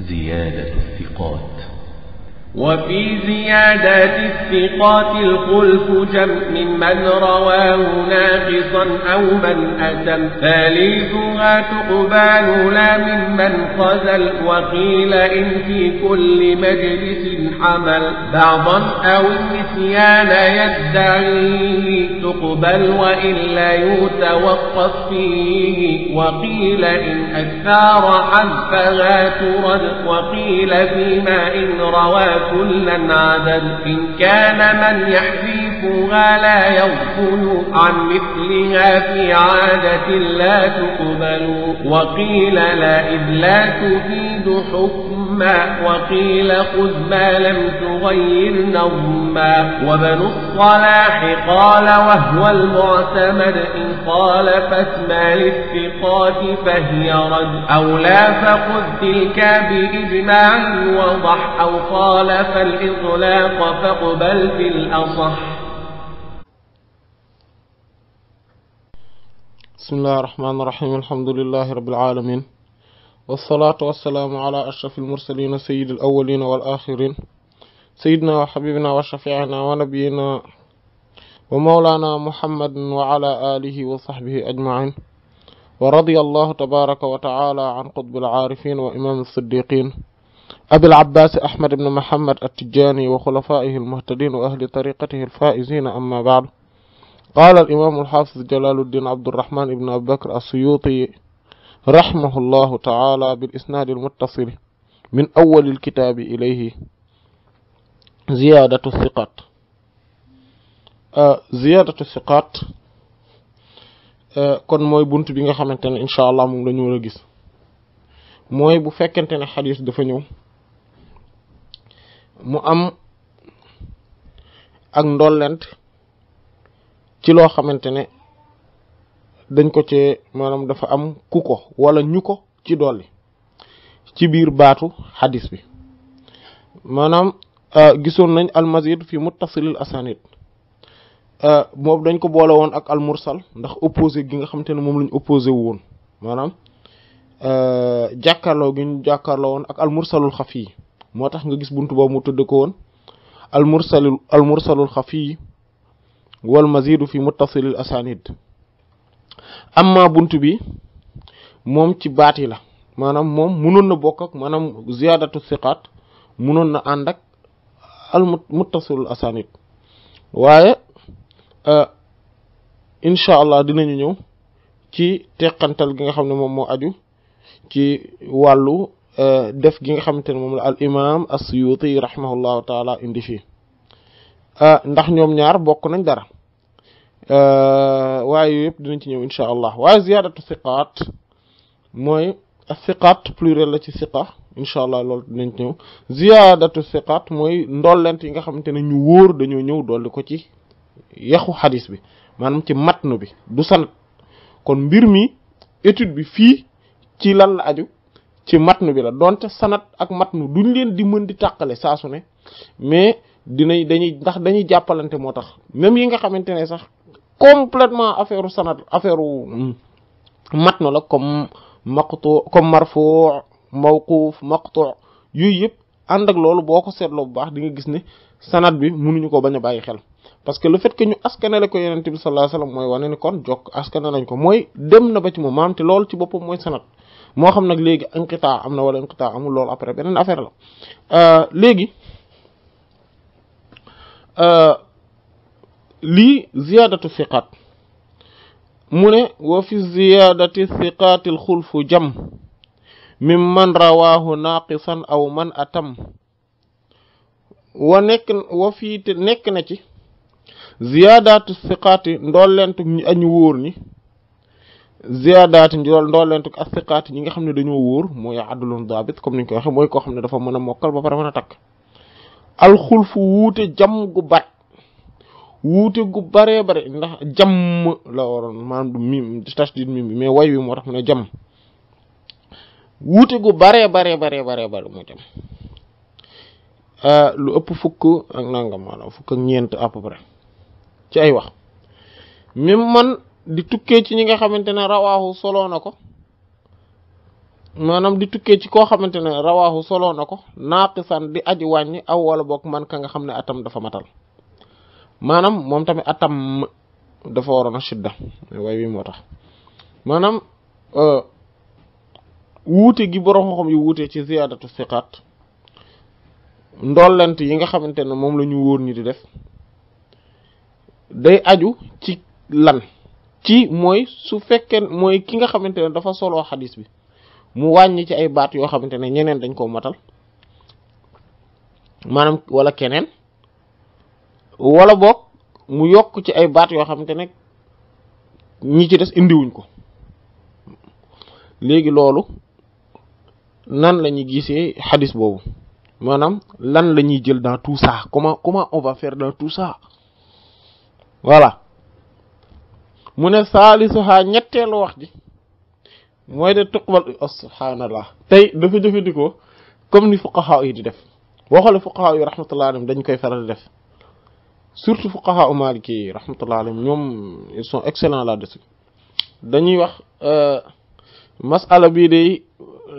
زيادة الثقات وفي زيادات الثقات الخلف جم ممن رواه ناقصا أو من أتم ثالثها تقبال لا ممن خزل وقيل إن في كل مجلس الحمل بعضا أو النسيان يدعي تقبل وإلا يتوقف فيه وقيل إن أكثر حذفها ترد وقيل فيما إن روى كلا عدد إن كان من يحذي مثلها لا يغفل عن مثلها في عادة لا تقبل وقيل لا إذ لا تفيد حكما وقيل خذ ما لم تغير نظما وبن الصلاح قال وهو المعتمد إن قال فاسمى للثقات فهي رد أو لا فخذ تلك بإجماع وضح أو قال فالإطلاق فاقبل في الأصح بسم الله الرحمن الرحيم الحمد لله رب العالمين والصلاة والسلام على أشرف المرسلين سيد الأولين والآخرين سيدنا وحبيبنا وشفيعنا ونبينا ومولانا محمد وعلى آله وصحبه أجمعين ورضي الله تبارك وتعالى عن قطب العارفين وإمام الصديقين أبي العباس أحمد بن محمد التجاني وخلفائه المهتدين وأهل طريقته الفائزين أما بعد قال الإمام الحافظ جلال الدين عبد الرحمن بن أبي بكر السيوطي رحمه الله تعالى بالإسناد المتصل من أول الكتاب إليه زيادة الثقات آه، زيادة الثقات آه، kon موي bunt بيغا nga ان شاء الله allah moom la ñu موي a gis حديث bu fekkente ne ci loo xamante ne dañ ko ci maanaam dafa am ku ko wala ñu ko ci dolli ci biir baatu xadis bi maanaam euh, gisoon nañ almazid fi muttasilil asanid euh, moom dañ ko boole woon ak almursal ndax opposé gi nga xamante ne moom lañ opposé wu woon maanaam euh, jàkkaarloo gi ñu jàkkaarloo woon ak almursalul xafi yi moo tax nga gis buntu boobu mu tëdd ko woon almursalul almursalul xafi yi wal mazidu fi muttasilil asanid amma bunt bi moom ci baati la maanaam moom mënoon na bokk ak maanaam ziyaadatu siqaat mënoon na ànd ak al muttasilul asanid waaye euh, incha allah dinañu ñëw ci teqantal gi nga xam ne moom moo aju ci wàllu euh, def gi nga xamante ne moom la al imam as-Suyuti rahimahullahu taala indi fii Ah, ndax ñoom ñaar bokk nañ dara ah, waaye yooyu dinañ ci ñëw incha allah waaye ziyaadatu siqaat mooy siqaat pluriel la ci siqa incha allah loolu dinañ ci ñëw ziyaadatu siqaat mooy ndollent yi nga xamante ne ñu wóor dañoo ñëw dolli ko ci yaxu xadis bi maanaam ci matnu bi du sanat kon mbir mi étude bi fii ci lan aju ci mat matnu bi la donte sanat ak mat matnu duñ leen di mën di tàqale saa su ne mais dinañ dañuy ndax dañuy jàppalante moo tax même yi nga xamante ne sax complètement affaireu sanad affaireu mat na la comme maqtu comme marfu mawquf maqtu yooyu yëpp ànd ak loolu boo ko seetloo bu baax di nga gis ne sanad bi mënuñu ko bañ a bàyyi xel parce que le fait que ñu askanale ko yonent bi sallallahu alayhi wasallam mooy wane ni kon jokk askane nañ ko mooy dem na ba ci moom maam te loolu ci boppam mooy sanad moo xam nag léegi inqita am na wala inqita amul loolu après beneen affaire la euh, léegi Euh, lii ziyaadatu siqaat mu ne wa fi ziyaadati siqaati alxulfu jam min man na naaqisan aw man atam wa nekk wa fii te nekk na ci ziyaadaatu siqaati ndollentuk ñi añu wóor ñi ziyaadaati ndollentuk as siqaati ñi nga xam ne dañoo wóor mooy adlun daabit comme niñ ko xam ne dafa mën a mokkal ba pare mën a takk Al khulfu wute jam gu bat wute gu bare bare ndax jam la woron man du mim di mim mais way wi motax tax jam wute gu bare bare bare bare bare mu jam ah, lu upp fuk ak nangam man fuk ak ñent à peu près ci ay wax mim man di tukke ci ñi nga xamantene rawaahu na maanaam di tukkee ci koo xamante ne rawaahu soloo na ko naaqisan di aji wàññi aw wala boog man ka nga xam ne atam dafa matal maanaam moom tamit atam dafa waroon a shidda way moo tax maanaam euh, wuute gi borom xam yu ci ziyaadatu siqaat ndollent yi nga xamante ne moom la ñu wóor ñi di def day aju ci lan ci mooy su fekkee mooy ki nga xamante ne dafa soloo xadis bi mu wàññi ci ay baat yoo xamante ne ñeneen dañ koo matal maanaam walla keneen wala boog mu yokk ci ay baat yoo xamante ne ñi ci des indiwuñ ko léegi loolu nan la ñuy gisee xadis boobu maanaam lan la ñuy jël dans tout ça comment comment on va faire dans tout ça voilà mu ne saalisu xaa ñetteelu wax ji mooy de tuqbal subhaanallah tey dafa jëfandikoo comme ni fuqaha yi di def waxale fuqaha yi rahmatullah alayhim dañ koy faral di def surtout fuqaha u maliki yi rahmatullah alayhim ñoom ils sont la là-dessus dañuy wax euh, masala bii de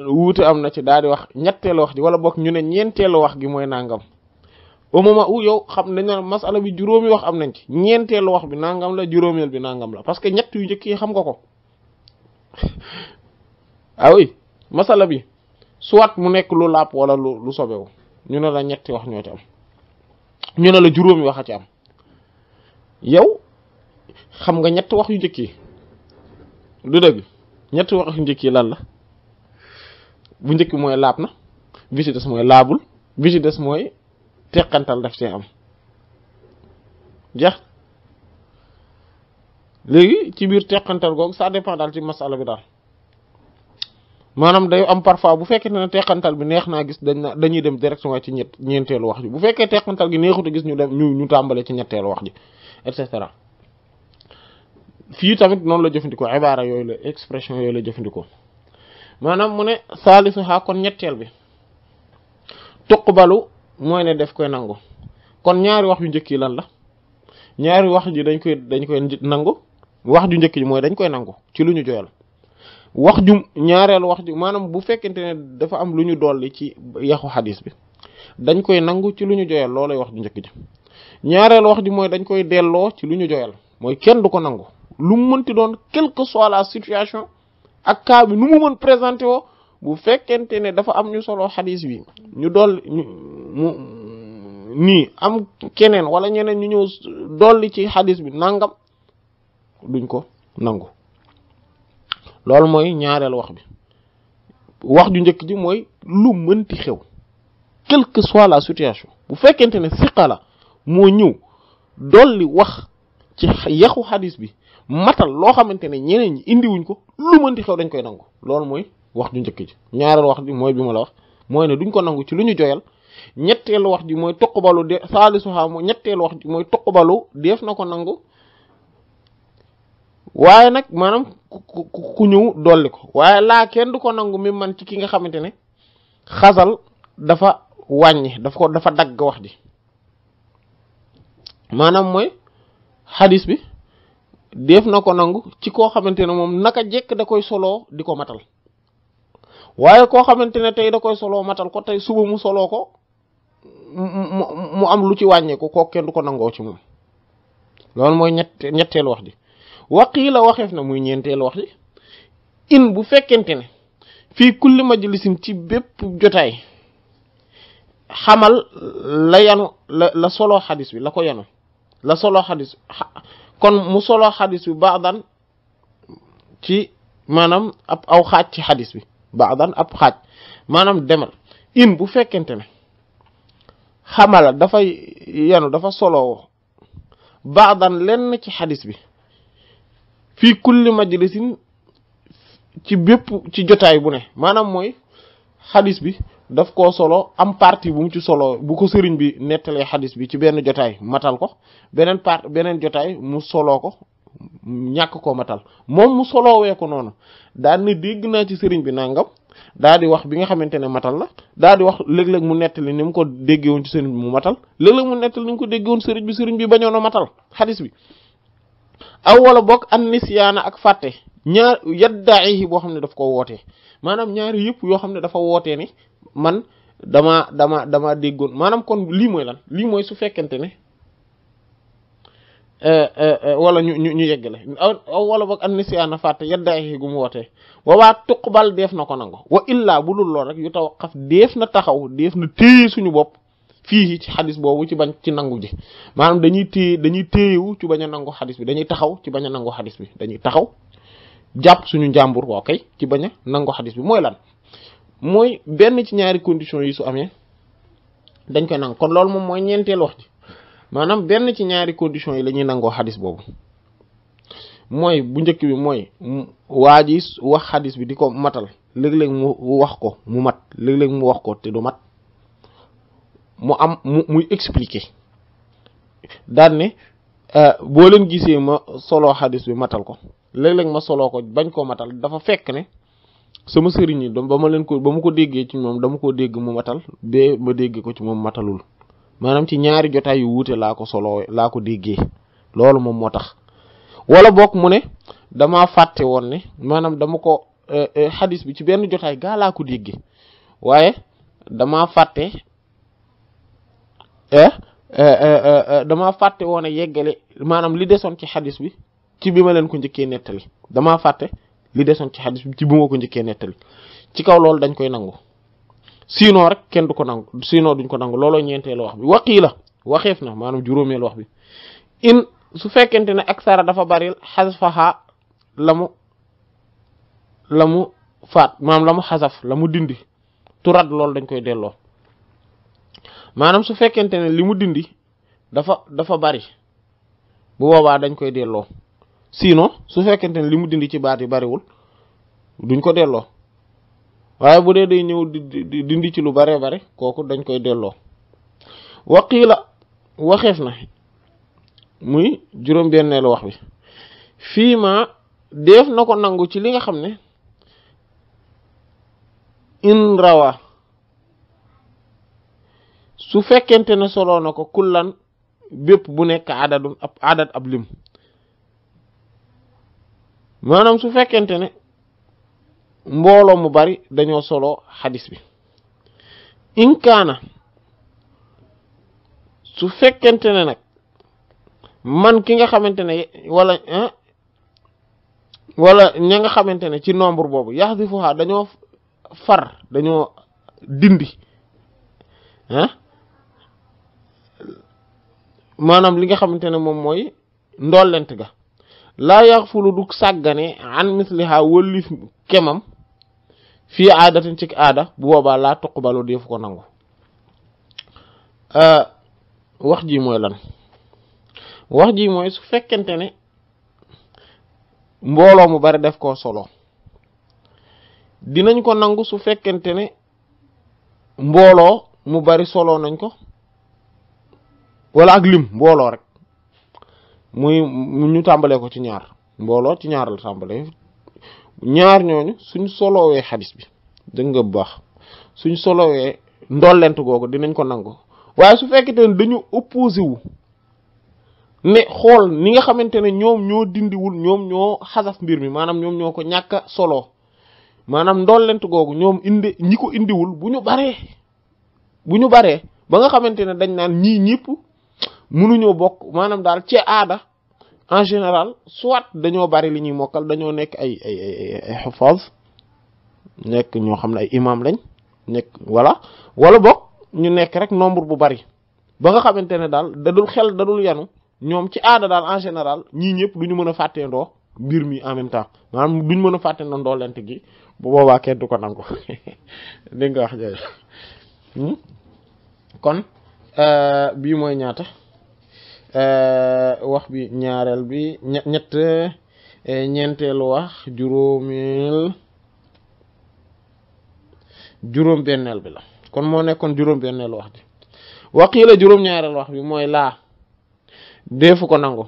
wuute am na ci daal di wax ñetteelu wax ji wala boog ñu ne ñeenteelu wax gi mooy nangam moom moment où yow xam nañ ne masala bi juróomi wax am nañ ci ñeenteelu wax bi nangam la juróomeel bi nangam la parce que ñett yu njëkk yi xam nga ko ah masala bi soit mu nekk lu làpp wala lu lu sobewu ñu ne la ñetti wax ñoo ci am ñu ne la juróomi wax a ci am yow xam nga ñett wax yu njëkk yi du dëgg ñetti wax yu njëkk yi lan la bu njëkk mooy laab na bi ci des mooy laabul bi ci des mooy teqantal daf cee am jeex léegi ci biir teqantal googu sa dépend daal ci masala bi daal maanaam day am parfois bu fekkee ne teqantal bi neex naa gis dañ dañuy dem directement ci ñett ñeenteelu wax ji bu fekkee teqantal gi neexuta gis ñu dem ñu ñu tàmbale ci ñetteelu wax ji et cetera fii tamit noonu la jëfandikoo ibaara yooyu la expression yooyu la jëfandikoo maanaam mu ne saalisu xaa kon ñetteel bi tuqbalu mooy ne def koy nangu kon ñaari wax yu njëkk yi lan la ñaari wax ji dañ koy dañ koy nangu wax ju njëkk ji mooy dañ koy nangu ci lu ñu joyal wax ju ñaareelu wax ju maanaam bu fekkente ne dafa am lu ñu dolli ci yaxu xadis bi dañ koy nangu ci lu ñu joyal loolay wax ju njëkk ji ñaareelu wax ji mooy dañ koy delloo ci lu ñu joyal mooy kenn du ko nangu lu mu doon quelle que soit la ak cas bi nu mu présenté woo bu fekkente ne dafa am ñu solo xadis bi ñu dolli mu nii am keneen wala ñeneen ñu ñëw dolli ci xadis bi nangam duñ ko nangu loolu mooy ñaareel wax bi wax ju njëkk ji mooy lu mënti xew quelle que soit la situation bu fekkente ne siqa la moo ñëw dolli wax ci yaxu xadis bi matal loo xamante ne ñeneen ñi indiwuñ ko lu mënti xew dañ koy nangu loolu mooy wax ju njëkk ji ñaareel wax bi mooy bi ma la wax mooy ne duñ ko nangu ci lu ñu joyal ñetteelu wax ji mooy toqbalu de saali suhaa mooy ñetteelu wax ji mooy toqbalu def na ko nangu waaye nag maanaam ku ku ñëw dolli ko waaye laa kenn du ko nangu mi man ci ki nga xamante ne xasal dafa wàññi daf ko dafa dagg wax ji maanaam mooy xadis bi deef na ko nangu ci koo xamante ne moom naka jekk da koy soloo di ko matal waaye koo xamante ne tey da koy soloo matal ko tey suba mu soloo ko mu am lu ci wàññeeku kook kenn du ko nangoo ci moom loolu mooy ñett ñetteelu wax ji yi la waxeef na muy ñeenteel wax ji in bu fekkente ne fii kulli majlisin ci bépp jotaay xamal la yanu la la solo xadis bi la ko yanu la solo xadis kon mu solo xadis bi baadan ci maanaam ab aw xaaj ci xadis bi baadan ab xaaj maanaam demal in bu fekkente ne xamala dafay yanu dafa solo baadan lenn ci xadis bi fi kulli majlisin ci bepp ci jotay bu ne manam moy hadith bi daf ko solo am parti bu mu ci solo bu ko serign bi netale hadith bi ci ben jotay matal ko benen part benen jotay mu solo ko ñak ko matal mom mu solo we ko non da ni deg na ci serign bi nangam daldi wax bi nga xamantene matal la daldi wax leg leg mu netali nim ko degge won ci serign bi mu matal leg leg mu netali nim ko degge won serign bi serign bi bañono matal hadith bi aw wala bokk an nisyaana ak fàtte ñaar yadda'ihi boo xam ne daf ko wootee maanaam ñaari yëpp yoo xam ne dafa wootee ni man dama dama dama déggoon maanaam kon lii mooy lan lii mooy su fekkente ne eh, eh, eh, wala ñu ñu ñu yeggale aw wala boog an nisyaana fàtte yadda'ihi gu mu wootee boobaa bal deef na ko nangu wa illaa bu dul lool rek yu tawaqqaf deef na taxaw deef na téye suñu bopp fii ci hadith bobu ci bañ ci nangu ji manam dañuy tey dañuy teyewu ci baña a nangu xadis bi dañuy taxaw ci baña a nangu xadis bi dañuy taxaw japp suñu jambour waaw kay ci baña a nangu xadis bi moy lan moy ben ci ñaari condition yi su amé dañ ko nang kon lool mom moy ñentel wax ci manam ben ci ñaari condition yi lañuy ñuy hadith bobu moy bu ñëk bi moy wajis wax hadith bi di ko matal leg leg mu wax ko mu mat leg leg mu wax ko te du mat mu am mu muy explique daan ne euh, boo leen gisee ma soloo xadis bi matal ko léeg-léeg ma soloo ko bañ koo matal dafa fekk ne sama sëriñ yi ba ma leen ko ba ma ko déggee ci moom dama ko dégg mu matal bee ma dégg ko ci moom matalul maanaam ci ñaari jotaay yu wuute laa ko soloo laa ko déggee loolu moom moo tax wala boog mu ne dama fàtte woon ne maanaam dama ko euh, euh, xadis bi ci benn jotaay gaa laa ko déggee waaye damaa fàtte Eh, eh, eh, dama fatte wona yeggale manam li deson ci hadith bi ci bima len ko jike netali dama fatte li deson ci hadith bi ci bima ko jike netali ci kaw lol dañ koy nangu sino rek ken du ko nangu sino duñ ko nangu lolo ñentel wax bi waqila waxef na manam juromel wax bi in su fekente ne aksara dafa baril hazfaha lamu lamu fat manam lamu hazaf lamu dindi turad lol dañ koy delo manam su fekkente ne limu dindi dafa dafa bari bu boba dañ koy delo sino su fekkente ne limu dindi ci baat yi bari wul duñ ko delo waye bu de day ñew dindi ci lu bare bare koku dañ koy delo waqila waxef na muy juroom bennel wax bi fima def nako nangu ci li nga xamne in rawa su fekkente ne solo na ko kullan bépp bu nekk adadum adad ab lim maanaam su fekkente ne mbooloo mu bari dañoo solo xadis bi inkaana su fekkente ne nag man ki nga xamante ne wala wala ña nga xamante ne ci nombre boobu yaxdifuha dañoo far dañoo dindi ah maanaam li nga xamante ne moom mooy ndollent ga laa yaxfulu du sàggane an misliha wëllif kemam fii aadatin ci aada bu boobaa laa tuqbalu fu ko nangu euh, wax ji mooy lan wax ji mooy su fekkente ne mbooloo mu bari def koo solo dinañ ko nangu su fekkente ne mbooloo mu bari soloo nañ ko wala ak lim mbooloo rek muy ñu tàmbalee ko ci ñaar mbooloo ci ñaar la tàmbalee ñaar ñooñu suñ solowee xadis bi dëgg nga bu baax suñ solowee ndollent googu dinañ ko nangu waaye su fekkente ne dañu opposé wu ne xool ni nga xamante ne ñoom ñoo dindiwul ñoom ñoo xasaf mbir mi maanaam ñoom ñoo ko ñàkk solo soloo maanaam ndollent googu ñoom indi ñi ko indiwul bu ñu baree bu ñu baree ba nga xamante ne dañ naan ñii ñëpp ñoo bok manam dal ci aada en général soit dañoo bari li ñuy mokal dañoo nekk ay ay ay ay xufaz nekk ñoo xam ay imam lañ nekk wala wala bok ñu nekk rek nombre bu bari ba nga xamantene dal da dul xel dul yanu ñom ci aada dal en général ñi ñepp duñu mëna faté ndo bir mi en même temps manam duñu mëna faté na ndo lent gi bu boba ké du ko nangu ni nga wax jooju hmm? kon euh, bi moy ñaata Euh, wax bi ñaareel bi ñett euh, ñeenteelu wax juróomeel juróom benneel bi la kon moo nekkoon juróom benneelu wax bi waqiila juróom ñaareel wax bi mooy laa deefu ko nangu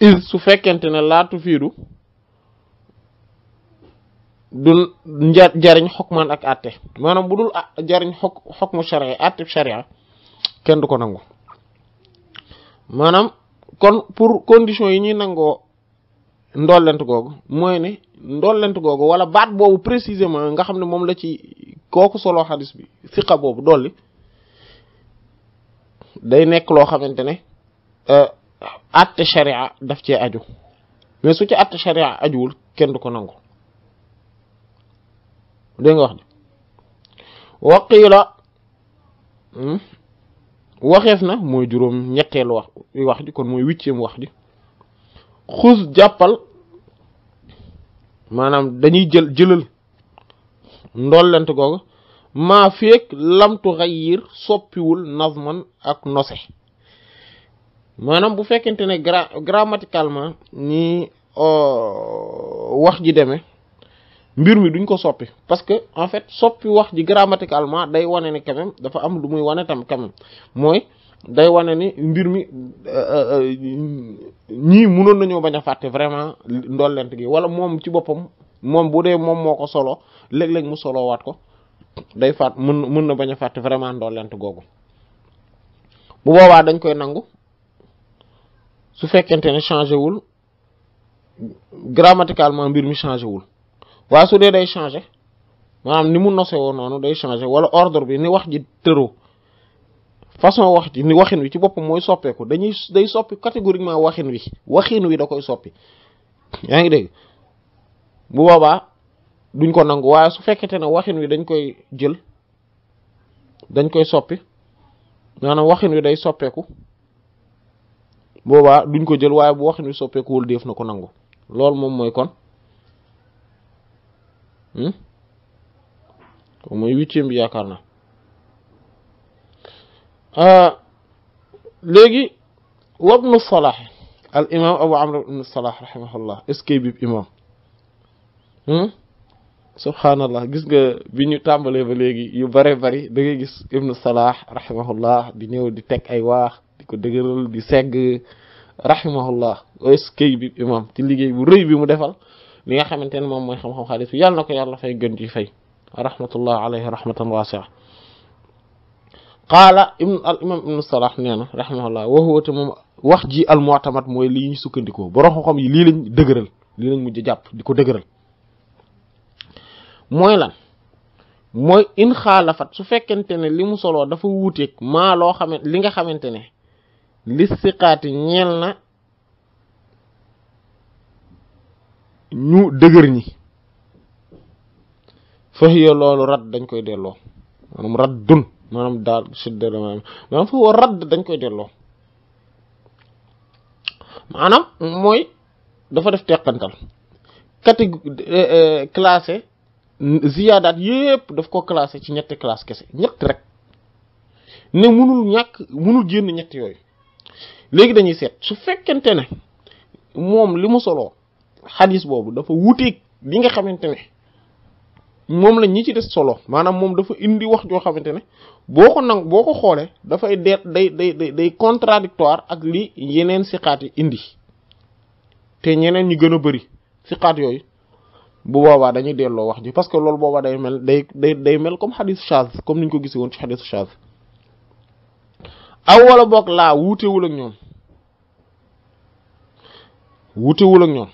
is su fekkente ne laatu fiidu du nja jariñ xokmaan ak àtte maanaam bu dul jariñ xok xokmu sharia àtte sharia kenn du ko nangu maanaam kon pour condition yi ñuy nangoo ndollent googu mooy ne ndollent googu wala baat boobu précisément nga xam ne moom la ci kooku solo xadis bi siqa boobu dolli day nekk loo xamante ne euh, atte sharia daf cee aju mais su ci atte sharia ajuwul kenn du ko nangu dégg wax ji hmm? waxeef na mooy juróom ñetteelu wax wax ji kon mooy huitième wax ji xus jàppal maanaam dañuy jël jëlal ndollent googu maa feek lamtu xayir soppiwul nazman ak nose maanaam bu fekkente ne gra grammaticalement ni euh, wax ji demee mbir mi duñ ko soppi parce que en fait soppi wax ji grammaticalement day wane ni quand même dafa am lu muy wane tam quand même moy day wane ni mbir mi euh, euh, ñii mënoon nañoo bañ a fàtte vraiment ndolent gi wala mom ci bopam mom boudé mom moko solo léeg-léeg mu wat ko day fat mën na baña faté vraiment ndolent googu bu boba dañ koy nangu su fekkenté ni changé wul grammaticalement mbir mi changé wul waaye su dee day changer maanaam ni mu nose woon noonu day changer wala ordre bi ni wax ji tëroo façon wax ji ni waxin wi ci boppam mooy soppeeku dañuy day soppi catégoriquement waxin wi waxin wi da koy soppi yaa ngi dégg bu boobaa duñ ko nangu su fekkete ne waxin wi dañ koy jël dañ koy soppi maanaam waxin wi day soppeeku boobaa duñ ko jël waaye bu waxin wi soppeekuwul def na ko nangu loolu moom mooy kon Hmm? kon mooy huitième bi yaakaar na ah, léegi wabnu salah al imam abu amr ibnu salah rahimahullah est-ce que bi hmm? subhaanallah gis nga bi ñu tàmbalee ba léegi yu bare bari da ngay gis ibnu salah rahimahullah di ñëw di teg ay waax di ko dëgëral di segg rahimahullah est-ce que bi imam ci liggéey bu rëy bi mu defal li nga xamantene mom moy xam-xam xaalis yu yalla nako yalla fay gën ci fay rahmatullah alayhi rahmatan wasia qala ibn al imam ibn salah neena rahmatullah wa huwa te wax ji al mu'tamad moy li ñu sukkandiko borom xam-xam yi li lañ degeural li lañ mujj japp diko degeural moy lan moy in khalafat su fekkente limu solo dafa wutek ma lo xamé li nga xamantene li siqati ñeel na ñu dëgër ñi fahiya loolu radd dañ koy delloo maanaam raddun maanaam daal shidda la maanaam maanaam fahiya dañ koy delloo maanaam mooy dafa def teqantal catégorie eh, eh, classé ziyaadaat yépp daf ko classé ci ñetti classe kese ñett rek ne munul ñàkk munul génn ñett yooyu léegi dañuy seet su fekkente ne moom li mu soloo xadis boobu dafa wuteeg li nga xamante ne moom la ñi ci des solo maanaam moom dafa indi wax joo xamante ne boo ko nang boo ko xoolee dafay deet day day day day contradictoire ak li yeneen siqaat yi indi te ñeneen ñu gën a bëri siqaat yooyu bu boobaa dañuy delloo wax ji parce que loolu boobaa day mel day day day mel comme xadis chaz comme ni ñu ko gisee woon ci xadis chaz aw wala boog laa wuutewul ak ñoom wuutewul ak ñoom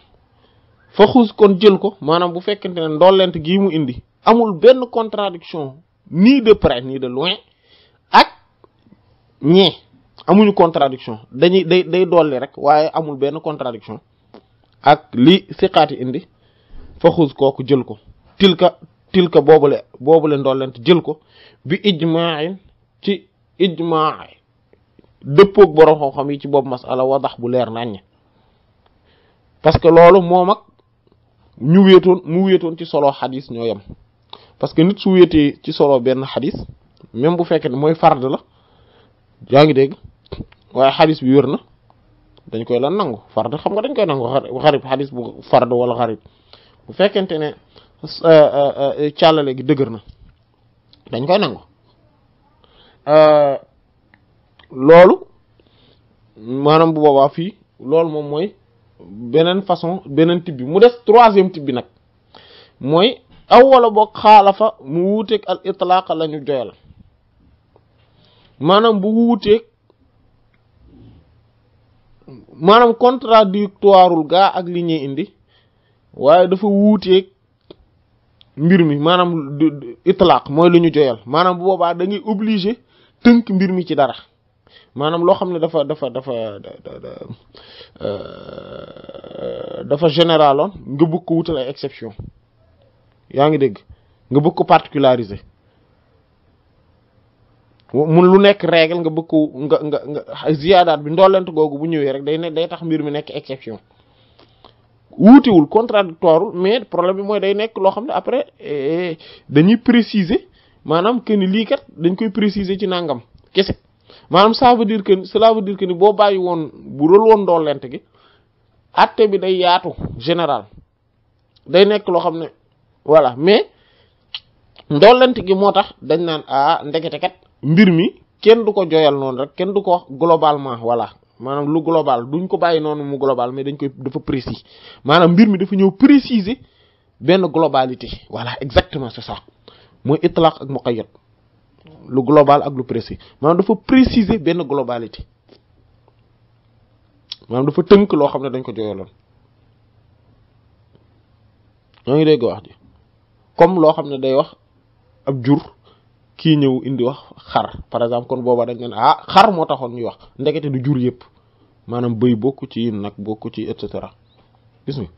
fa xuus kon jël ko maanaam bu fekkente ne ndollent gii mu indi amul benn contradiction ni de près ni de loin ak ñee amuñu contradiction dañuy day day dolli rek waaye amul benn contradiction ak li siqaati indi fa xuus kooku jël ko tilka tilka boobule boobule ndollent jël ko bi ijmain ci ijmaa dëppoog boroom xam-xam yi ci boobu masala wadax bu leer naññ parce loolu moom ak ñu wéetoon mu wéetoon ci solo xadis ñoo yam parce que nit su wéetee ci solo benn xadis même bu fekkee ne mooy fard la yaa ngi dégg waaye xadis bi wér na dañ koy la nangu fard xam nga dañ koy nangu xarib xadis bu fard wala xarib bu fekkente ne euh, euh, euh, càllale gi dëgër na dañ koy nangu loolu maanaam bu boobaa fii loolu moom mooy beneen façon beneen type bi mu des troisième type bi nag mooy aw wala boog xaalafa mu wuuteeg al itlaaq lañu joyal maanaam bu wuuteeg maanaam contradictoireul gaa ak li ñuy indi waaye dafa wuuteeg mbir mi maanaam itlaaq mooy lu ñu joyal maanaam bu boobaa da ngay obligé tënk mbir mi ci dara maanaam loo xam ne dafa dafa dafa euh, dafa généraloon nga bëgg ko wutal ay exception yaa ngi dégg nga bukk ko particulariser mun lu nekk règle nga bëgg nga nga nga ziyaadaat bi ndollent googu bu ñëwee rek day ne day tax mbir mi nekk exception wuutewul contradictoire mais problème bi mooy day nekk loo xam ne après eh, dañuy préciser maanaam que ni dañ koy préciser ci nangam kese maanam ça veut dire que cela veut dire que ni boo bàyyi woon bu rël woon ndollent gi atte bi day yaatu général day nekk loo xam ne voilà mais ndollent gi moo tax dañ naan ah ndekete kat mbir mi kenn du ko joyal noonu rek kenn du ko wax globalement voilà maanaam lu global duñ ko bàyyi noonu mu global mais dañ koy dafa précis maanaam mbir mi dafa ñëw préciser benn globalité voilà exactement c'est ça mooy itlaq ak muqayyad lu global ak lu précis manam dafa préciser ben globalité manam dafa teunk lo xamne dañ ko joyolon ñoo ngi dégg wax di comme lo xamne day wax ab jur ki ñew indi wax xar par exemple kon boba dañ ne ah xar mo taxone ñu wax ndekete du jur yépp manam bëy bokku ci yin nak bokku ci et cetera gis nga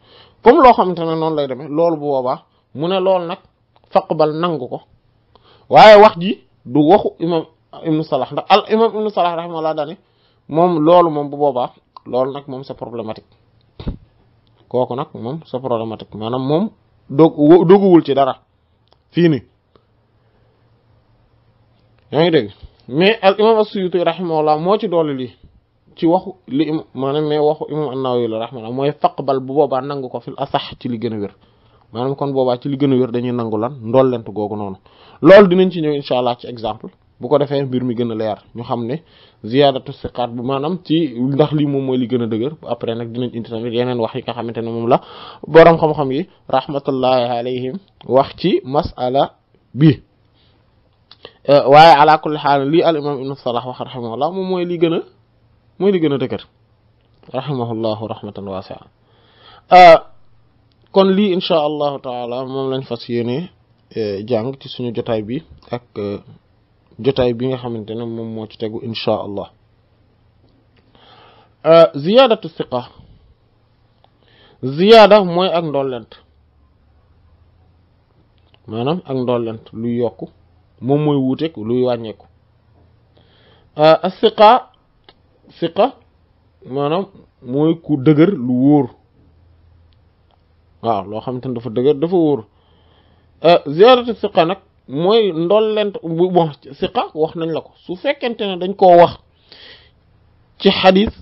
comme lo xamne tane non lay démé lool bu boba mune lool nak faqbal ko wax ji du waxu imam ibnu Salah ndax al imam ibnu Salah rahimahullah moom loolu moom bu boobaa loolu nag moom sa problématique kooku nag moom c'est problématique maanaam moom doog doguwul ci dara fii nii yaa ngi dégg mais al imam as-Suyuti rahimahullah moo ci doole lii ci waxu li im maanaam mais waxu imam an-Nawawi la rahimahullah mooy bal bu boobaa nangu ko fil asax ci li gën a wér maanaam kon boobaa ci li gën a wér dañuy nangu lan ndollent googu noonu loolu dinañ ci ñëw incha allah ci exemple bu ko defee mbir mi gën a leer ñu xam ne ziyaadatu siqaat bu maanaam ci ndax lii moom mooy li gën a dëgër après nag dinañ indi tamit yeneen wax yi nga xamante ne moom la boroom xam-xam yi rahmatullahi alayhim wax ci masala bi euh, waaye ala kulli xaal lii al imam ibnu salah wax rahimahullah moom mooy lii gën a mooy li gën a dëgër rahimahullahu rahmatan waasi'a euh, kon lii incha allahu taala moom lañ fas yéene eh, jàng ci suñu jotaay bi ak eh, jotaay bi nga xamante ne moom moo ci tegu incha allah eh, ziyaadatu siqa ziyaada mooy ak ndollent maanaam ak ndollent luy yokk moom mooy wuuteeg luy wàññeeku siqa siqa maanaam mooy ku dëgër lu wóor waaw loo xamante ne dafa dëgër dafa wóor euh, ziaratu siqa nag mooy ndollent bu bon siqa wax nañ la ko su fekkente ne dañ koo wax ci xadis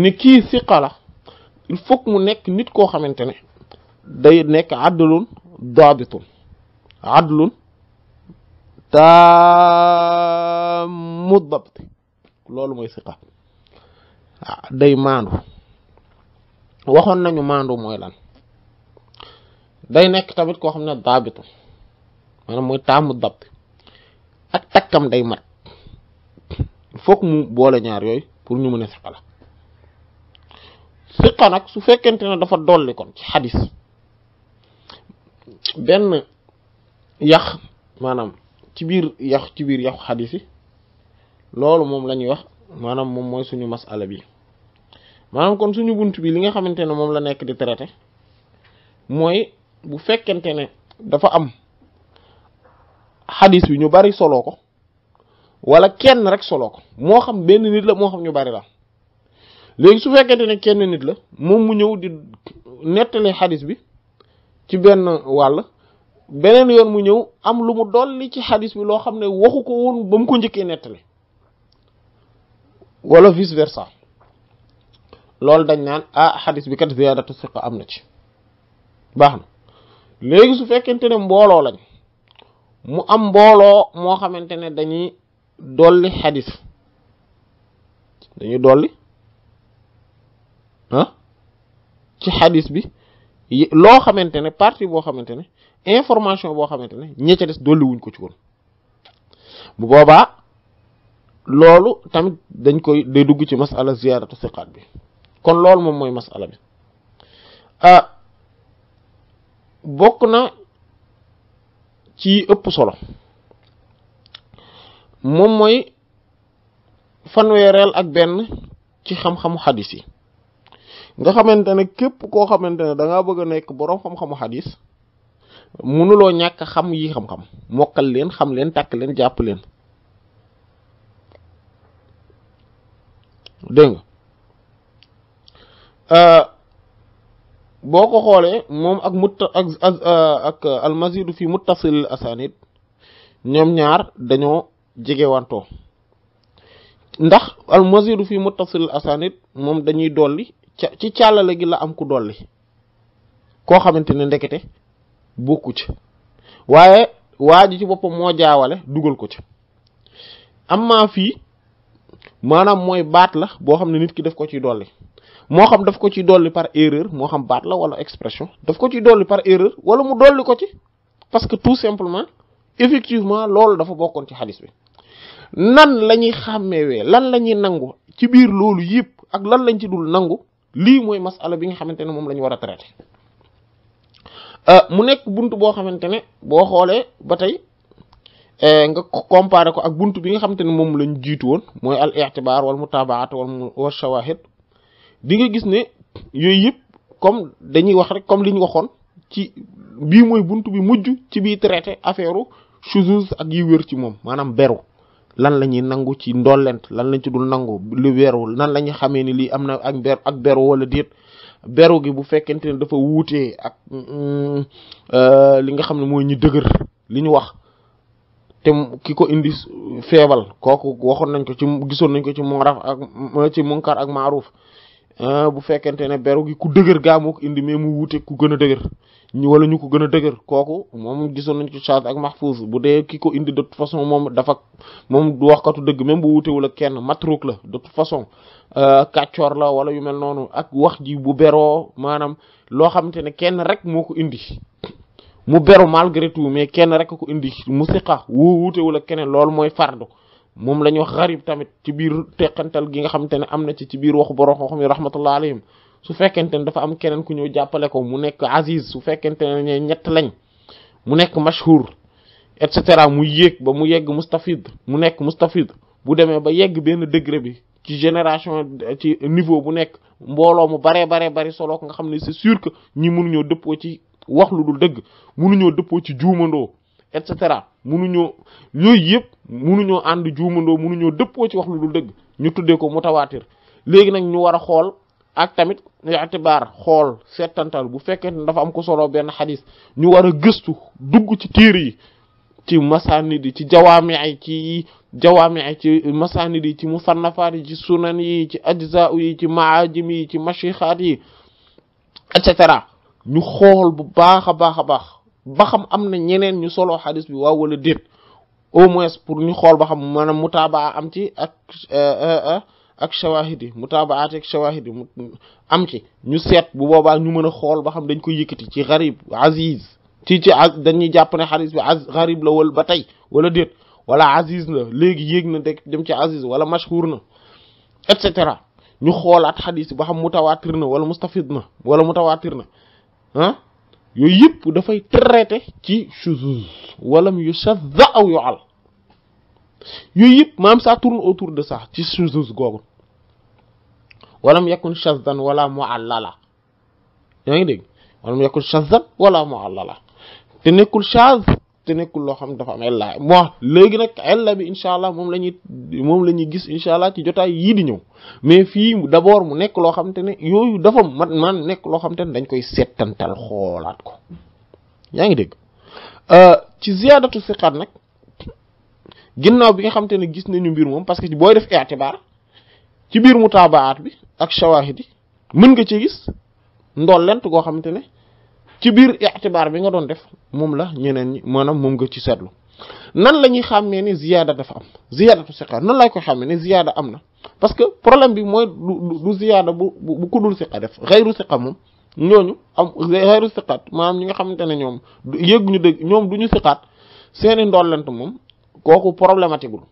ne kii siqa la il faut mu nekk nit koo xamante ne day nekk adlun daabitun adlun taamu dabt loolu mooy siqa day maandu waxoon nañu maandu mooy lan day nek tamit ko xam dabitu manam moy tamu dab ak takam day mat fokk mu boole ñaar yoy pour ñu mëna a siqa la su fekente na dafa dolli kon ci hadith ben yah manam ci bir yah ci bir yah hadisi lolou mom lañuy wax manam mom moy suñu masala bi manam kon suñu buntu bi li nga xamantene mom la nek di traité moy bu fekkente ne dafa am xadis bi ñu bari solo ko walla kenn rek solo ko moo xam benn nit la moo xam ñu bari la léegi su fekkente ne kenn nit la moom mu ñëw di nettali xadis bi ci benn wàll beneen yoon mu ñëw am lu mu dolli ci xadis bi loo xam ne waxu ko woon ba mu ko njëkkee nettali wala vice versa loolu dañ naan ah xadis bi kat ziyaadatu siqa am na ci baax na léegi su fekkente ne mbooloo lañ mu am mbooloo moo xamante ne dañuy dolli xadis dañuy dolli ah, ci xadis bi loo xamante ne partie boo xamante ne information boo xamante ne ñi ca des dolli ko ci woon bu boobaa loolu tamit dañ koy day dugg ci masala ziyaaratu siqaat bi kon loolu moom mooy masala bi ah, bokk na ci ëpp solo moom mooy fanweereel ak benn ci xam-xamu xadis yi nga xamante ne képp koo xamante ne da nga bëgg a nekk borom xam-xamu xadis mënuloo ñàkk xam yi xam-xam mokkal leen xam leen tàkk leen jàpp leen dégg nga euh, boo ko xoolee moom ak mutta ak ak euh, euh, almazidu fi muttasil asanid ñoom ñaar dañoo jegewantoo ndax almazidu fi muttasil asanid moom dañuy dolli ci càllale gi la am ku dolli koo xamante ne ndekete bokku ci waaye waa ji ci boppam moo jaawale dugal ko ci amma fii maanaam mooy baat la boo xam ne nit ki def ko ci dolli moo xam daf ko ci dolli par erreur moo xam baat la wala expression daf ko ci dolli par erreur wala mu dolli ko ci parce que tout simplement effectivement loolu dafa bokkoon ci xalis bi nan la ñuy xàmmewee lan la ñuy nangu ci biir loolu yëpp ak lan lañ ci dul nangu lii mooy masala bi nga xamante ne moom la war a traité euh, mu nekk buntu boo xamante ne boo xoolee ba tey euh, nga comparé ko ak buntu bi nga xamante ne moom lañ jiitu woon mooy al i'tibar wal mutabaat wal wal shawahid di nga gis ne yooyu yëpp comme dañuy wax rek comme li ñu waxoon ci bii mooy bunt bi mujj ci bii traité affaire shuzuz ak yi wér ci moom maanaam beru lan la ñuy nangu ci ndollent lan lañ ci dul nangu lu weerul nan la ñuy xamee ni lii am na ak ber ak beru wala déet beru gi bu fekkente ne dafa wuutee ak mm, euh, li nga xam ne mooy ñu dëgër li ñu wax te ki ko indi feebal kooku waxoon nañ ko ci gisoon nañ ko ci munkar ak ci munkar ak Ah, bu fekkente ne beru gi ku dëgër gaa moo ko indi mais mu wuute ku gën a dëgër ñu wala ñu ko gën a dëgër kooku moom gisoon nañ ci Shaad ak Mahfouz bu dee ki ko indi de toute façon moom dafa moom du wax katu dëgg même bu wuutewul ak kenn matruk la de toute façon ah, kàccoor la wala yu mel noonu ak wax ji bu beroo maanaam loo xamante ne kenn rek moo ko indi mu beru malgré tout mais kenn rek ko indi mu siqa woo wuutewul ak keneen loolu mooy fardu moom la ñuy wax xarib tamit ci biir teqantal gi nga xamante ne am na ci ci biir waxu borom xam-xam yi rahmatullah su fekkente ne dafa am keneen ku ñëw jàppale ko mu nekk Aziz su fekkente ne ñett lañ mu nekk mashhur et cetera mu yéeg ba mu yegg mustafid mu nekk mustafid bu demee ba yegg benn degré bi ci génération ci niveau bu nekk mbooloo mu baree baree bari solo ko nga xam ne c'est sûr que ñi mënuñoo dëppoo ci wax lu dul dëgg mënuñoo dëppoo ci juumandoo et cetera munuñoo yooyu yëpp munuñoo ànd juumandoo munuñoo dëppoo ci wax lu dul dëgg ñu tuddee ko mu mutawaatir léegi nag ñu war a xool ak tamit itibaar xool seetantal bu fekkee ne dafa am ko solo benn xadis ñu war a gëstu dugg ci téere yi ci masanid yi ci jawaami ay ci jawaami ay ci masanid yi ci musannafaat yi ci sunan yi ci ajza yi ci maajim yi ci mashixaat yi et cetera ñu xool bu baax a baax a baax ba xam am na ñeneen ñu solo xadis bi waaw wala déet au moins pour ñu xool ba xam maanaam mutaabaa am ci ak eh, eh, eh, ak shawahid yi mutaabaat ak shawahid yi am ci ñu seet bu boobaa ñu mën a xool ba xam dañ koy yëkkati ci garib aziz ci ci dañuy jàpp ne xadis bi az garib la wala ba tey wala déet wala aziz na léegi yéeg na dek dem ci aziz wala mashhur na et cetera ñu xoolaat xadis ba xam mutawaatir na wala mustafid na wala mutawaatir na ah. yooyu yëpp dafay traité ci shuzuz walam yu shazza aw yu al yooyu yëpp maam sax ça tourne autour de sax ci shuzuz googu walam yakun shazan wala muallala yaa ngi dégg walam yakun shazan wala muallala te nekkul shaz te nekkul loo xam ne dafa am ella bon léegi nag ella bi incha allah moom la moom la ñuy gis incha allah ci jotaay yii di ñëw mais fii d'abord mu nekk loo xam te ne yooyu dafa man maan nekk loo xam te ne dañ koy settantal xoolaat ko yaa ngi dégg euh, ci ziyaadatu siqaat nag ginnaaw bi nga xam te ne gis nañu mbir moom parce que booy def i'tibaar ci biir mutaabaat bi ak shawaahid yi mën nga ci gis lent goo xam te ne ci biir itibaar bi nga doon def moom la ñeneen ñi maanaam moom nga ci seetlu nan la ñuy xàmmee ni ziyaada dafa am ziyaadatu siqa nan laay ko xàmmee ni ziyaada am na parce que problème bi mooy du du ziyaada bu bu kudul siqa def xayru siqa moom ñooñu am xayru siqaat maanaam ñi nga xamante ne ñoom yëg ñu dëgg ñoom du ñu siqaat seeni ndollent moom kooku problématique gul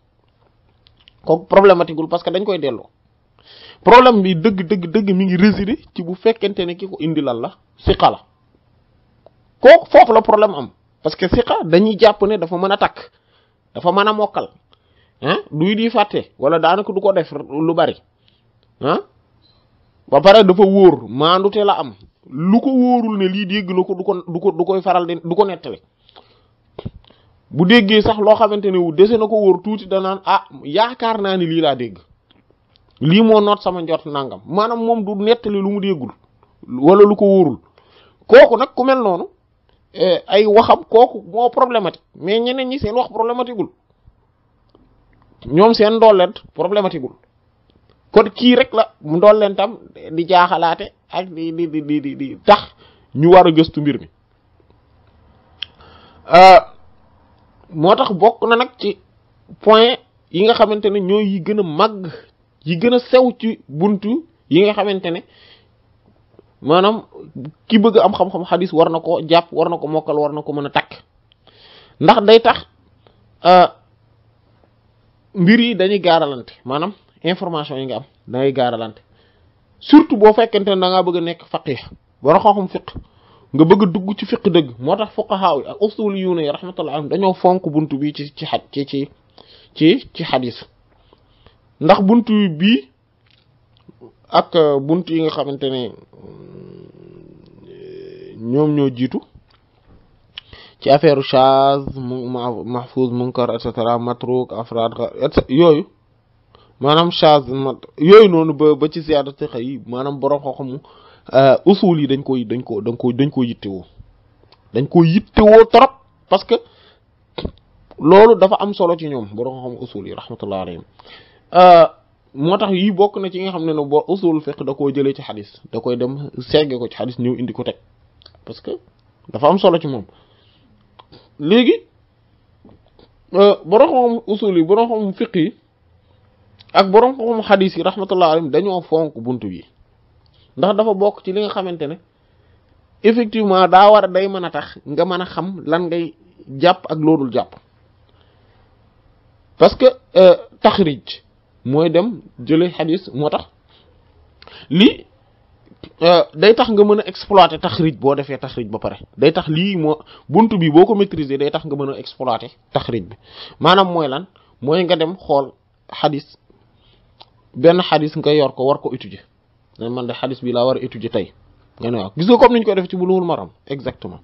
kooku problématique gul parce que dañ koy delloo problème bi dëgg dëgg dëgg mi ngi résider ci bu fekkente ne ki ko indi lan la siqa kooku foofu la problème am parce que siqa dañuy jàpp ne dafa mën a takk dafa mën a mokkal du duy di fàtte wala daanaka du ko def lu bari ah ba pare dafa wóor maandute la am lu ko wóorul ne lii dégg na ko du ko du ko du koy faral di du ko nettali bu déggee sax loo xamante ne wu dese na ko wóor tuuti danaan ah yaakaar naa ni lii laa dégg lii moo noot sama njot nangam maanaam moom du nettali lu mu déggul wala lu ko wóorul kooku nag ku mel noonu Eh, ay waxam kooku moo problématique mais ñeneen ñi seen wax problématique gul ñoom seen ndolleent problématique gul kon kii rek la mu ndollentam di jaaxalaate ak di di di di di tax ñu war a gëstu mbir mi euh, moo tax bokk na nag ci point yi nga xamante ne ñooy yi gën a màgg yi gën a sew ci buntu yi nga xamante ne maanaam ki bëgg am xam-xam xadis war na ko jàpp war na ko mokkal war na ko mën a takk ndax day tax euh, mbir yi dañuy gaaralante maanaam information yi nga am dangay gaaralante surtout boo fekkente ne da ngaa bëgg a nekk faqih war a xam fiq nga bëgg dugg ci fiq dëgg moo tax fuqahaa yi ak usuliyuuna yi rahmatullah alayhim dañoo fonk bunt bi ci ci xaj ci ci ci ci xadis ndax bunt bi ak euh, bunt yi nga xamante ne ñoom ñoo jiitu ci affaire Chaz Mahfouz Munkar et cetera Matruk Afrad yooyu maanaam Chaz yooyu noonu ba ba ci ziyaadati xëy maanaam borom xam-xamu euh, usul yi dañ koy dañ ko dañ ko dañ ko yittewoo dañ ko yittewoo trop parce que loolu dafa am solo ci ñoom borom xam-xamu usul yi rahmatullah alayhim euh, moo tax yii bokk na ci nga xam ne ne boo usul fiqh da koo jëlee ci xadis da koy dem segge ko ci xadis ñëw indi ko teg parce que dafa am solo ci moom léegi euh, borom xam usul borom xam fiq ak borom xam xadis yi rahmatullah alayhim dañoo fonk buntu bi ndax dafa bokk ci li nga xamante ne effectivement daa war day mën a tax nga mën a xam lan ngay jàpp ak loolul jàpp parce que euh, taxrij mooy dem Euh, day tax nga mën a exploité taxrij boo defee taxrij ba pare day tax lii moo bunt bii boo ko maîtriser day tax nga mën a exploité taxrij bi maanaam mooy lan mooy nga dem xool xadis benn xadis nga yor ko war ko étudier man de xadis bi laa war a étudier tey nga ne waaw gis nga comme niñ koy def ci Bulughul Maram exactement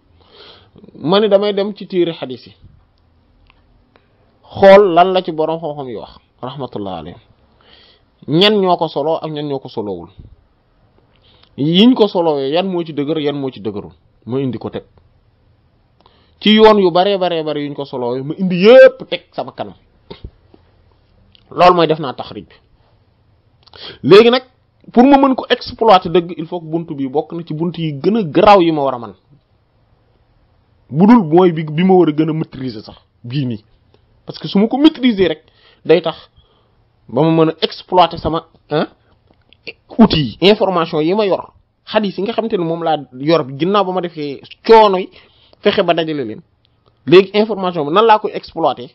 ma ne damay dem ci téere xadis yi xool lan la ci borom xam-xam yi wax rahmatullah alayhi ñan ñoo ko solo ak ñan ñoo ko solowul yiñ ko solowee yan moo ci dëgër yan moo ci dëgërul ma indi ko teg ci yoon yu baree baree bare yuñ ko solowee ma indi yëpp teg sama kanam loolu mooy def naa taxrij bi léegi nag pour ma mën ko exploiter dëgg il faut bunt bi bokk na ci bunt yi gën a garaaw yi ma war a man bu dul mooy bi bi ma war a gën a maîtriser sax bii nii parce que su ma ko maîtriser rek day tax ba ma mën a exploiter sama outil information yi ma yor hadith yi nga xamanteni mom la yor ginnaw bama defé defee coono yi fexe ba dajale len légui information nan la koy exploiter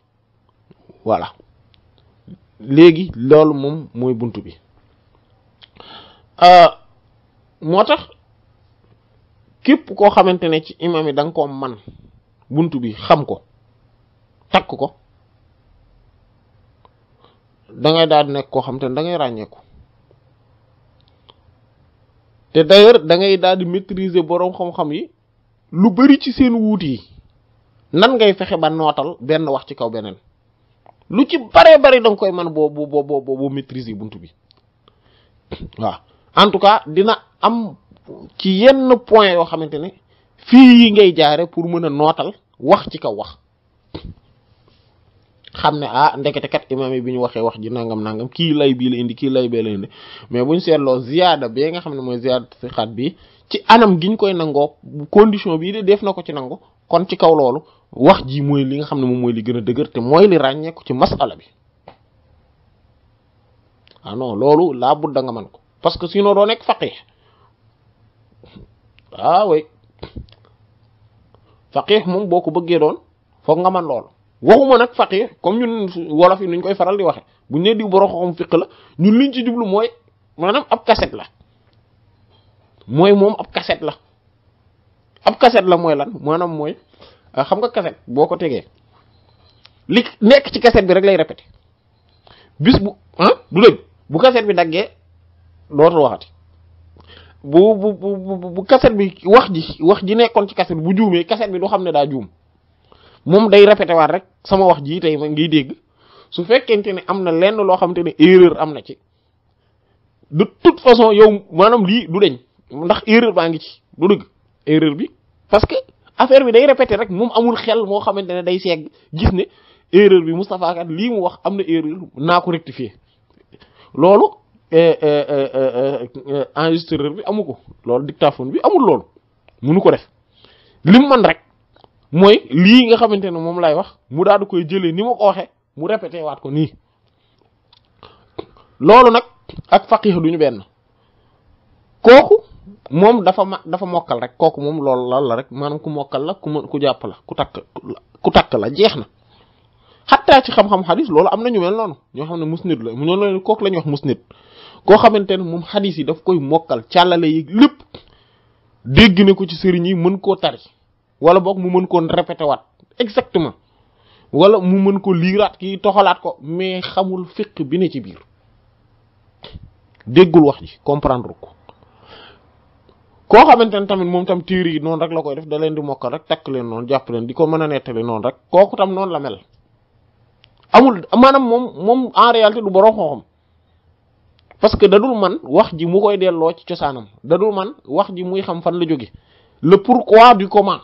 voilà légui loolu mom moy buntu bi euh motax kep ko xamante ci imam yi dang ko man buntu bi xam ko tak ko da ngay daal nek ko koo da ngay te d'ailleurs da ngay daal di maîtriser boroom xam-xam yi lu bari ci seen wuuti yi nan ngay fexe ba nootal benn wax ci kaw beneen lu ci baree bari da nga koy mën boo boo boo boo maîtriser bunt bi waaw en tout cas dina am ci yenn point yoo xamante ne fii yi ngay jaare pour mën a nootal wax ci kaw wax xamne ne ah ndekete kat Imam biñu waxe wax ji nangam nangam ki lay bi la indi ki lay be la indi mais buñu setlo ziyada bi nga xamne moy mooy ziyaada xat bi ci anam giñ koy nango condition bi def nako ko ci nango kon ci kaw lolu wax ji moy li nga xamne mom moy li gëna deugër te moy li ko ci masala bi ah non la bu da nga man ko parce que sino do nek faqih ah way faqih mom boko ko don fo nga man lolu waxuma nak faqih comme ñun wolof yi ñu koy faral di waxe bu ñe di borom xam fiq la ñun liñ ci djublu moy manam ab cassette la moy mom ab cassette la ab cassette la moy lan manam moy? Ah, xam nga cassette boko tege li nek ci cassette bi rek lay répéter bis bu ah du leen bu cassette bi daggee dootul waxati bu bu bu bu cassette bi wax ji wax ji nekkon ci cassette bu djume cassette bi du xamne ne djume mom day répété waat rek sama wax ji tay ma ngi dégg su fekkente ne amna na lenn loo xamante ne erreur amna ci de toute façon yow manam li du deñ ndax erreur ba ngi ci du dëgg erreur bi parce que affaire bi day répété rek mom amul xel mo xamante day ségg gis né erreur bi Moustapha kat li mu wax amna erreur na ko rectifier eh enregistreur bi amu ko dictaphone bi amul lolu munu ko def lim man rek mooy lii nga xamante ne moom lay wax mu daal di koy jëlee ni mu ko mu répété waat ko nii loolu nag ak faqih duñu benn kooku moom dafa ma dafa mokkal rek kooku moom loolu la la rek maanaam ku mokkal la ku mën ku jàpp la ku takk takk la jeex na xattaa ci xam-xam xadis loolu am na ñu mel noonu ñoo xam ne musnid la ñoo la kooku la ñuy wax musnid koo xamante ne moom xadis yi daf koy mokkal càllale yi lépp dégg na ko ci sëriñ yi mën koo tari wala bok mu mën ko répété wat exactement wala mu mën ko lirat ki toxalat ko mais xamul fiq bi ne ci bir déggul wax ji comprendre ko ko xamantene tamit mom tam téere yi noonu rek la koy def da len di rek tak len non japp len diko ko netale a rek koku tam non la mel amul manam mom mom en réalité du borom xooxam parce que dadul man wax ji mu koy delo ci ciosanam dadul man wax ji muy xam fan la le pourquoi du comment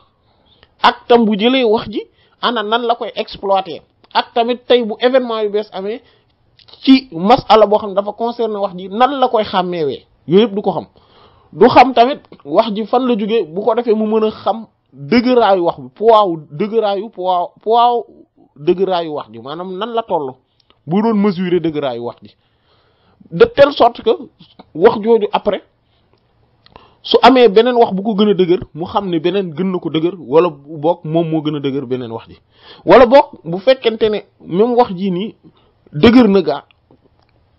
ak tam bu jëlee wax ji ana nan la koy exploiter ak tamit tey bu événement yu bees amee ci masala boo xam dafa concerné wax ji nan la koy xàmmeewee yooyu yëpp du ko xam du xam tamit wax ji fan la jógee bu ko defee mu mën a xam dëgëraayu wax bi poids dëgëraayu poids poids dëgëraayu wax ji maanaam nan la toll bu doon mesurer dëgëraayu wax ji de telle sorte que wax jooju après su amee beneen wax bu ko gën a dëgër mu xam ne beneen gën na ko dëgër wala bokk moom moo gën a dëgër beneen wax ji wala boog bu fekkente ne même wax jii nii dëgër naga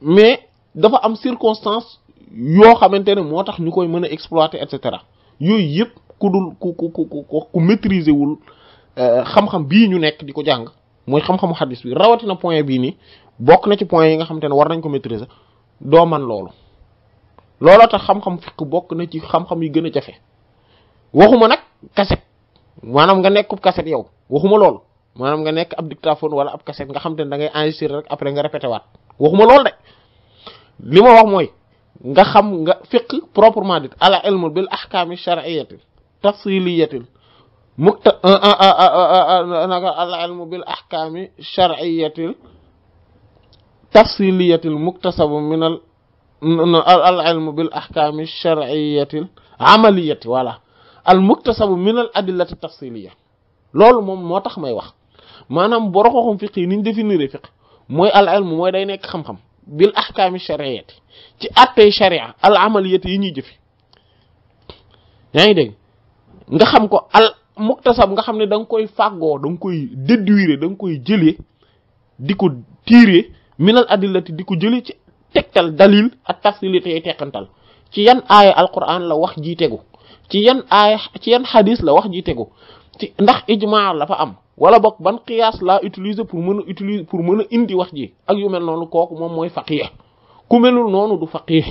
mais dafa am circonstance yoo xamante ne moo tax ñu koy mën a exploité et cetera yooyu yëpp ku dul ku ku ku ku maîtriser wul euh, xam-xam bii ñu nekk di ko jàng mooy xam-xamu xadis bi rawatina point bii nii bokk na ci point yi nga xamante ne war nañ ko maîtriser doo man loolu looloo tax xam-xam fiq bokk na ci xam-xam yi gën a jafe waxuma nag kaset maanaam nga nekkub kaset yow waxuma lool maanaam nga nekk ab dictaphone wala ab kaset nga xam te ne da ngay enregistrer rek après nga répété waat waxuma lool de li ma wax mooy nga xam nga fiq proprement dit ala ilmu bil ahkaami shar'iyyati tafsiliyati mukta naka ala ilmu bil ahkaami shar'iyyati tafsiliyati العلم بالأحكام الشرعية العملية ولا المكتسب من الأدلة التفصيلية لول موم موتاخ ماي واخ مانام بوروخوخوم فيقي ني ديفينيري فيق موي العلم موي داي نيك خام خام بالأحكام الشرعية تي أتي شريعة العملية ني ني جيفي ياي ديغ nga xam ko al muktasab nga xam ne dang koy fago dang koy déduire dang koy jëlé diko tirer minal adillati diko jëlé ci tegtal dalil ak tafsil yi teqantal ci yan aaya alquran la wax ji tegu ci yan aaya ci yan xadis la wax ji tegu ci ndax ijmaa la fa am wala bokk ban qiyaas laa utiliser pour mën a utiliser pour mën a indi wax ji ak yu mel noonu kooku moom mooy faqih ku melul noonu du faqih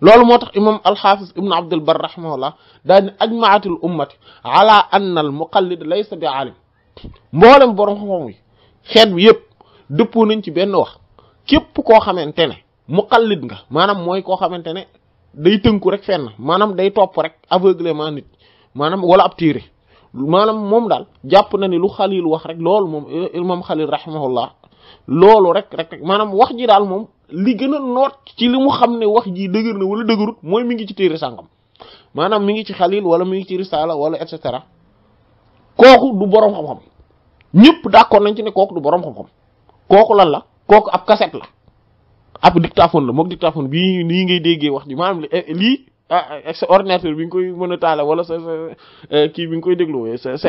loolu moo tax imam alxaafis ibnu abdul bar rahimahullah daal ne ajmaatil ummati ala anna al muqallid laysa bi alim mboolem borom xam yi xeet bi yëpp Dipunin nañ ci benn wax képp koo xamantene mu muqallid nga maanaam mooy koo xamantene day tënku rek fenn maanaam day topp rek aveuglement nit maanaam wala ab téere maanaam moom daal jàpp na ni lu xalil wax rek loolu moom imam xalil rahimahullah loolu rek rek rek maanaam wax ji daal moom li gën a noot ci li mu xam ne wax ji dëgër na wala dëgërut mooy mi ngi ci téere sàngam maanaam mi ngi ci xalil wala mi ngi ci risala wala et cetera kooku du borom xam-xam ñëpp d'accord nañ ci ne kooku du borom xam-xam kooku lan la kooku ab cassette la ab dictaphone la mook dictaphone bii nii ngay déggee wax ji maanaam eh, lii ah eh, sa ordinateur bi nga koy mën a taale wala sa sa eh, kii bi nga koy déglu sa sa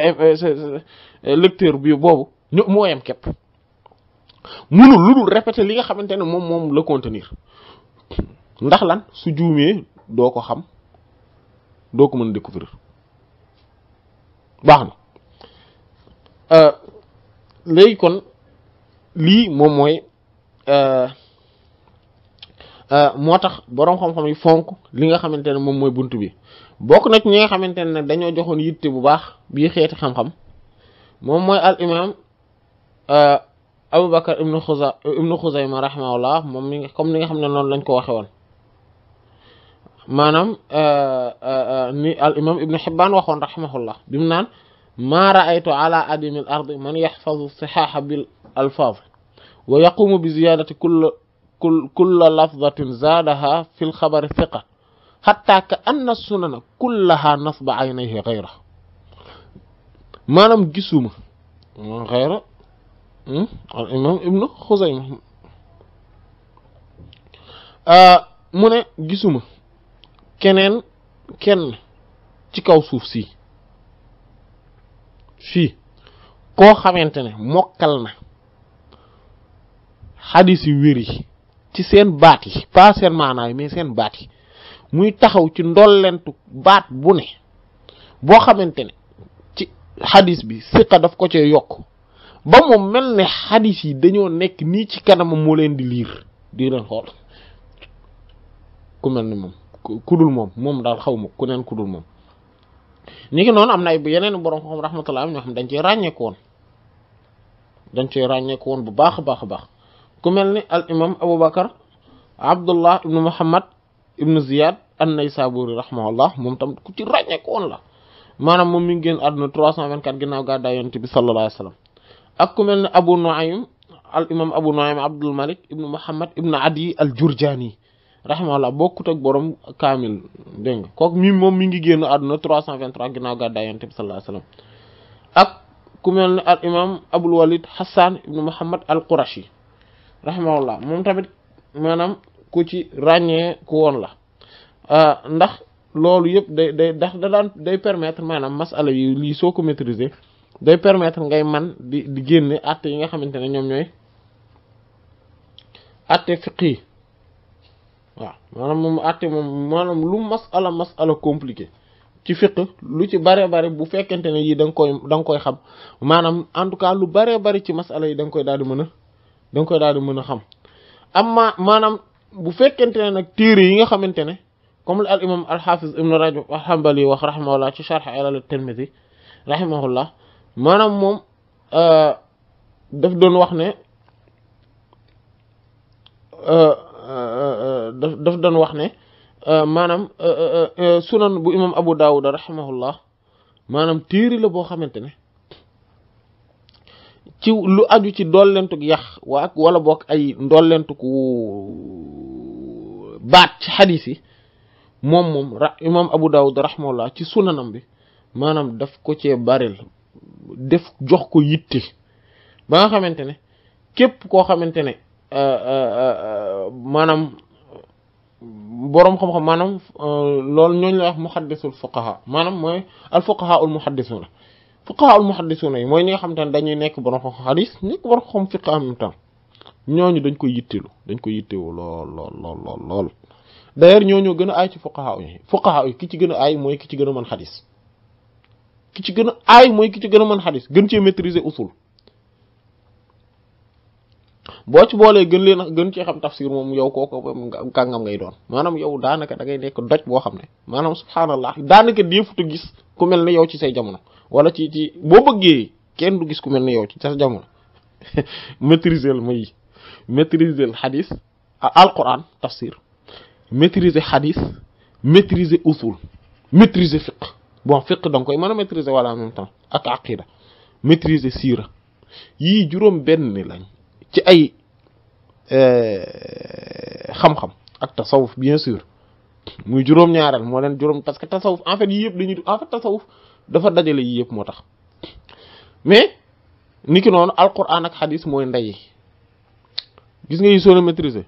lecteur bi boobu ñu moo yem képp mënul lu dul répéter li nga xamante ne moom moom la contenir ndax lan su juumee doo ko xam doo ko mën a découvrir baax na euh, léegi kon lii moom mooy euh, euh, moo tax boroom xam-xam yi fonk li nga xamante ne moom mooy bunt bi bokk na ci ñi nga xamante ne nag dañoo joxoon yitte bu baax bii xeeti xam-xam moom mooy al imam euh, Aboubacar ibnu Xuza ibnu Xuzayma rahimahullah moom mi nga comme ni nga xam ne noonu lañ ko waxe woon maanaam ni al imam ibnu Xibbaan waxoon rahimahullah bi mu naan maa raaytu ala adimil ardi man yaxfazu sixaaxa الفاضل ويقوم بزيادة كل كل كل لفظة زادها في الخبر الثقة حتى كأن السنن كلها نصب عينيه غيره ما لم جسمه غيره الإمام ابن خزيمة من جسمه كنن كن تكاو سوفسي في كو خامنتني موكلنا xadis yu wér yi ci seen baat yi pas seen maanaa mais seen baat yi muy taxaw ci ndollentu baat bu ne boo xamante ne ci xadis bi siqa daf ko cee yokk ba moom mel ne xadis yi dañoo nekk nii ci kanamam moo leen di liir di leen xool ku mel ni moom ku moom moom daal xaw ma ku neen ku dul moom ni ki noonu am na ay yeneen borom xam rahmatullah am ñoo xam dañ cee ràññeeku woon dañ cee ràññeeku woon bu baax a baax a baax ku mel ni al abu aboubacar abdullah ibnu muhammad ibnu ziyad an naysaburi rahimahullah moom tam ku ci ràññeeku woon la maanaam moom mi ngi génn àdduna 324 ginnaaw gàddaay yonent bi sallallahu alayhi wa sallam ak ku mel ni abu nuaym al imam abu nuaym abdul malik ibnu muhammad ibnu adi borom kaamil dégg nga kooku moom mi ngi génn àdduna 323 ginnaaw gàddaay yonent bi sallallahu ak ku mel ni al imam abul walid hassan ibnu muhammad al qurashi rahimahullah mom tamit manam ku ci ragné ku won la ah, ndax lolu yëpp day day ndax da dan day permettre manam masala yi li soko maîtriser day permettre ngay man di di génne atte yi nga xamantene ñom ñoy ñooy fiqi wa manam mom atte mom manam lu masala masala compliqué ci fiq lu ci bare bare bu fekkente ne yii da koy dang koy xam manam en tout cas lu bare bare ci masala yi dang koy daal di meuna da nga koy daal di mën xam amma manam bu fekkente nak nag yi nga xamantene comme al imam al hafiz ibn rajab wa hanbali wa rahimahullah ci sharh al tirmidhi rahimahullah manam mom euh daf doon wax ne euh daf doon wax ne maanaam sunan bu imam abu daud rahimahullah manam téere la bo xamantene euh ci lu aju ci dollentuk yax waa wala bokk ay ndollentuk baat ci xadis yi moom moom ra imam Abu Dawud rahimahullah ci sunanam bi maanaam daf ko cee baril def jox ko yitte ba nga xamante ne képp koo xamante ne euh, euh, euh, maanaam boroom xam-xam maanaam loolu ñooñu la wax muhaddisul fuqaha maanaam mooy al fuqaha ul muhaddisuna fuqaha al muhaddisuna yi mooy ñi nga xam te ne dañuy nekk borom xam xadis nekk borom xam fiqh en même ñooñu dañ koy yittelu dañ koy yittewu lool lool lool lool lool d'ailleurs ñooñoo gën a aay ci fuqaha yi fuqaha yi ki ci gën a ay mooy ki ci gën a mën xadis ki ci gën a aay mooy ki ci gën a mën xadis gën cee maîtriser usul boo ci boolee gën leen gën cee xam tafsir moom yow kooku kàngam ngay doon maanaam yow daanaka da ngay nekk doj boo xam ne maanaam subhaanallah daanaka deefut a gis ku mel yow ci say jamono wala ci ci boo bëggee kenn du gis ku mel ni yow ci sa jamono maîtriser ma yi maîtriser xadis alquran tafsir maîtriser xadis maîtriser usul maîtriser fiqh bon fiqh da nga koy mën a maîtriser wala en même temps ak aqida maîtriser siira yii juróom benn lañ ci ay euh, xam-xam ak tasawuf bien sûr muy juróom-ñaaral moo leen juróom parce que tasawuf en fait yii yëpp dañuy en fait tasawuf dafa dajale yi yëpp moo tax mais niki ki noonu alquran ak xadis mooy ndeyi gis nga yi soo maîtriser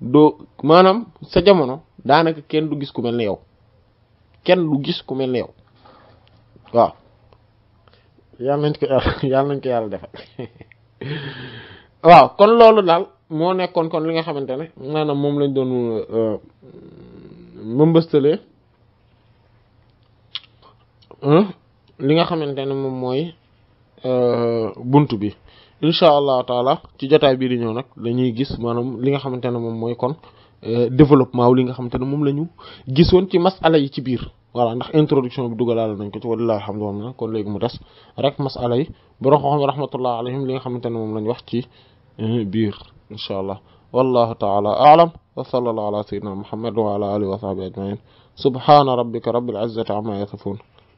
doo maanaam sa jamono daanaka kenn du gis ku mel ne yow kenn du gis ku mel ne yow waaw yàlla nañ ko yàlla nañ ko yàlla defal waaw kon loolu daal moo nekkoon kon li nga xamante ne maanaam moom lañ doon euh, mëmbëstale li nga xamante ne moom mooy euh, bunt bi incha allah taala ci jotaay bii di ñëw nag dañuy gis maanaam li nga xamante ne moom mooy kon euh, développement li nga xamante ne moom la ñu gisoon ci masala yi ci biir wala ndax introduction bi dugalaale nañ ko ci wallaahi alhamdulillah kon léegi mu des rek masala yi borom xam rahmatullah alayhim li nga xamante ne moom lañ wax ci euh, biir incha allah wallahu taala aalam wa sallallahu ala sayyidina muhammad wa ala alihi wa sahbihi ajmain subhana rabbika rabbil izzati amma yasifun